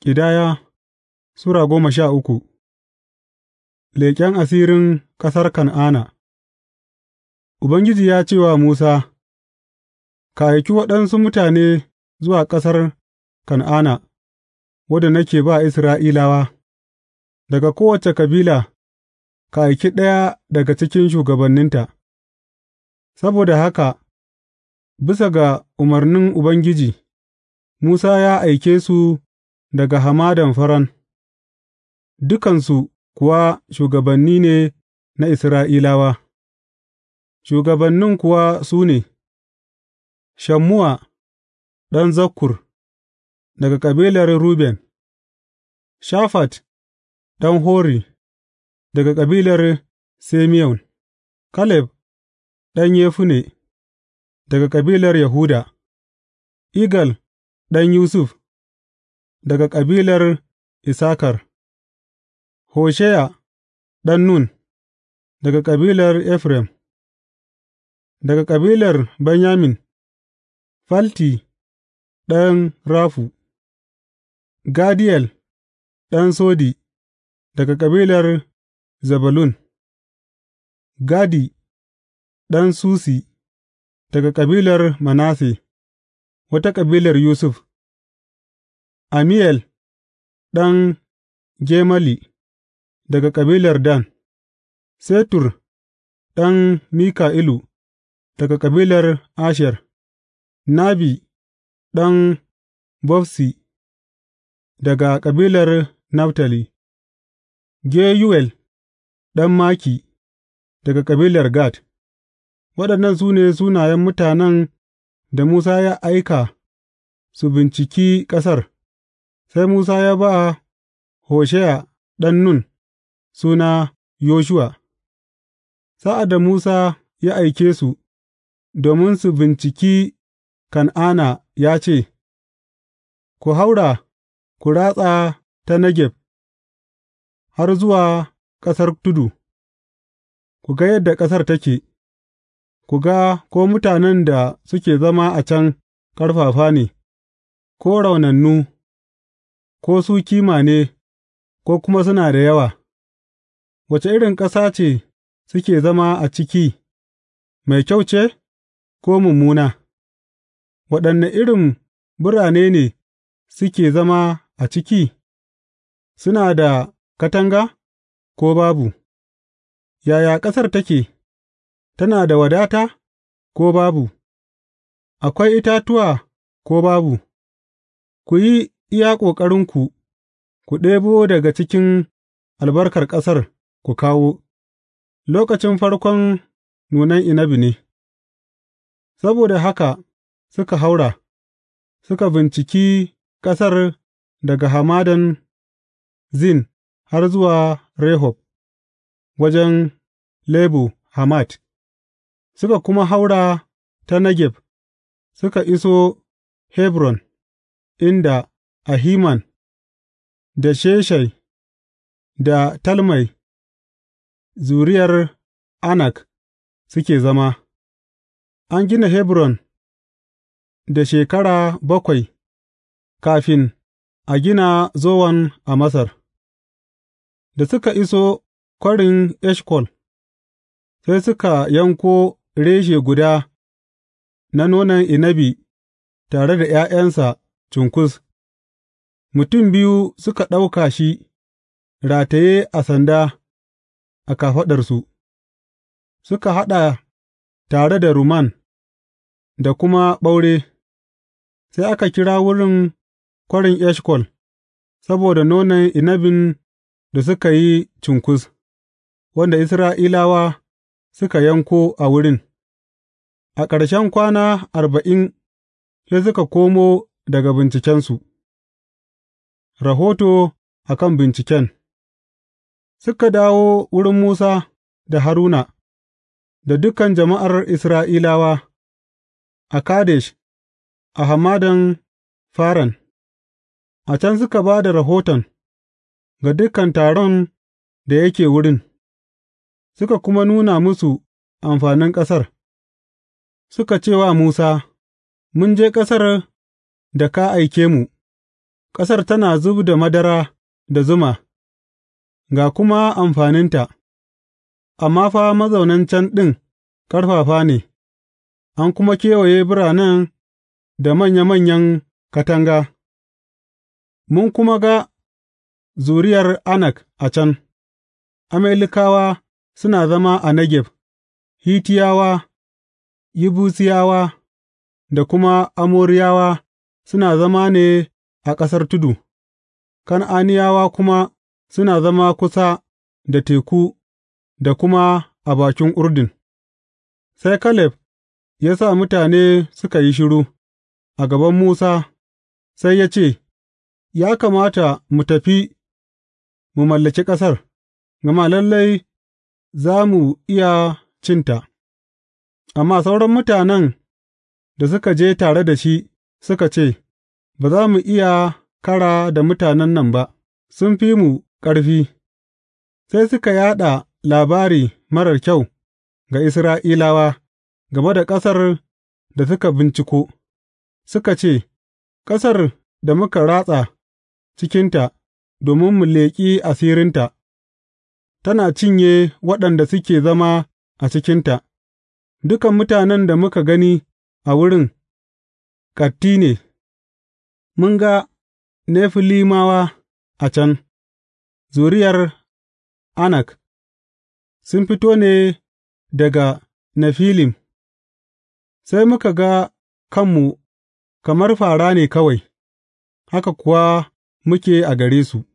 Ƙidaya Sura goma sha uku Leƙen asirin ƙasar Kan'ana Ubangiji ya ce wa Musa, Ka aiki waɗansu mutane zuwa ƙasar Kan'ana, wadda nake ba Isra'ilawa, daga kowace kabila, ka aiki ɗaya daga cikin shugabanninta, saboda haka, bisa ga umarnin Ubangiji, Musa ya aike su daga Hamadan Faran, dukansu kuwa shugabanni ne na Isra'ilawa, shugabannin kuwa su ne, Shammuwa ɗan Zakkur, daga kabilar Ruben, Shafat ɗan Hori, daga kabilar Simeon. Kaleb ɗan Yefune, daga kabilar Yahuda, Igal ɗan Yusuf. Daga kabilar Isakar. Hosheya ɗan Nun Daga kabilar Efraim Daga kabilar Benyamin Falti ɗan Rafu Gadiyel ɗan Sodi daga kabilar Zebulun Gadi ɗan Susi daga kabilar Manasse, wata kabilar Yusuf. Amiyel ɗan Gemali, daga kabilar Dan; Setur ɗan Mika'ilu, daga kabilar Asher; Nabi ɗan bofsi daga kabilar Naftali; geyuel ɗan Maki, daga kabilar Gad Waɗannan su ne sunayen mutanen da Musa ya aika su binciki ƙasar. Sai Musa ya ba Hosheya ɗan Nun suna Yoshuwa Sa'ad da Musa ya aike su domin su binciki Kan'ana ya ce, Ku haura, ku ratsa ta Negeb har zuwa ƙasar tudu, ku ga yadda ƙasar take, ku ga ko mutanen da suke zama a can ƙarfafa ne, ko raunannu. ko su kima ne, ko kuma suna da yawa, wace irin ƙasa ce suke zama a ciki, mai kyau ce, ko mummuna, waɗanne irin birane ne suke zama a ciki, suna da katanga, ko babu, yaya ƙasar take, tana da wadata, ko babu, akwai itatuwa, ko babu, ku yi iya ƙoƙarinku ku ɗebo daga cikin albarkar ƙasar ku kawo, lokacin farkon nunan inabi ne, saboda haka suka haura, suka binciki ƙasar daga hamadan Zin har zuwa Rehob, wajen Lebo hamad, suka kuma haura ta Negeb, suka iso Hebron, inda Ahiman, da Sheshai, da Talmai, zuriyar Anak suke zama An gina Hebron da shekara bakwai kafin a gina Zowan a Masar, da suka iso Kwarin Eshkol, sai suka yanko reshe guda na nonon inabi tare da ’ya'yansa cunkus. mutum biyu suka ɗauka shi rataye a sanda a kafaɗarsu, suka haɗa tare da ruman da kuma ɓaure, sai aka kira wurin Kwarin Eshkol, saboda nonon inabin da suka yi cunkus, wanda Isra'ilawa suka yanko a wurin. A ƙarshen kwana arba'in sai suka komo daga bincikensu. Rahoto a kan binciken Suka dawo wurin Musa da Haruna, da dukan jama'ar Isra'ilawa, a Kadesh a Hamadan Faran, a can suka ba da rahoton ga dukan taron da yake wurin, suka kuma nuna musu amfanin ƙasar, suka ce wa Musa, Mun je ƙasar da ka aike mu. ƙasar tana zub da madara da zuma, ga kuma amfaninta, amma fa mazaunan can ɗin ƙarfafa ne, an kuma kewaye biranen da manya-manyan katanga, mun kuma ga zuriyar Anak a can, Amalikawa suna zama a Negeb, Hitiyawa, yibusiyawa da kuma Amoriyawa suna zama ne a ƙasar tudu, Kan'aniyawa kuma suna zama kusa da teku da kuma a bakin Urdun, sai Kaleb ya sa mutane suka yi shiru a gaban Musa, sai ya ce, Ya kamata mu tafi mu mallaki ƙasar, gama lallai za mu iya cinta, amma sauran mutanen da suka je tare da shi suka ce, Ba za mu iya kara da mutanen nan ba, sun fi mu ƙarfi, sai suka yaɗa labari marar kyau ga Isra'ilawa game da ƙasar da suka binciko, suka ce, Ƙasar da muka ratsa cikinta domin mu leƙi asirinta, tana cinye waɗanda suke zama a cikinta, dukan mutanen da muka gani a wurin, ƙatti ne. Mun ga Nefilimawa a can, zuriyar Anak, sun fito ne daga Nefilim, sai muka ga kanmu kamar fara ne kawai, haka kuwa muke a gare su.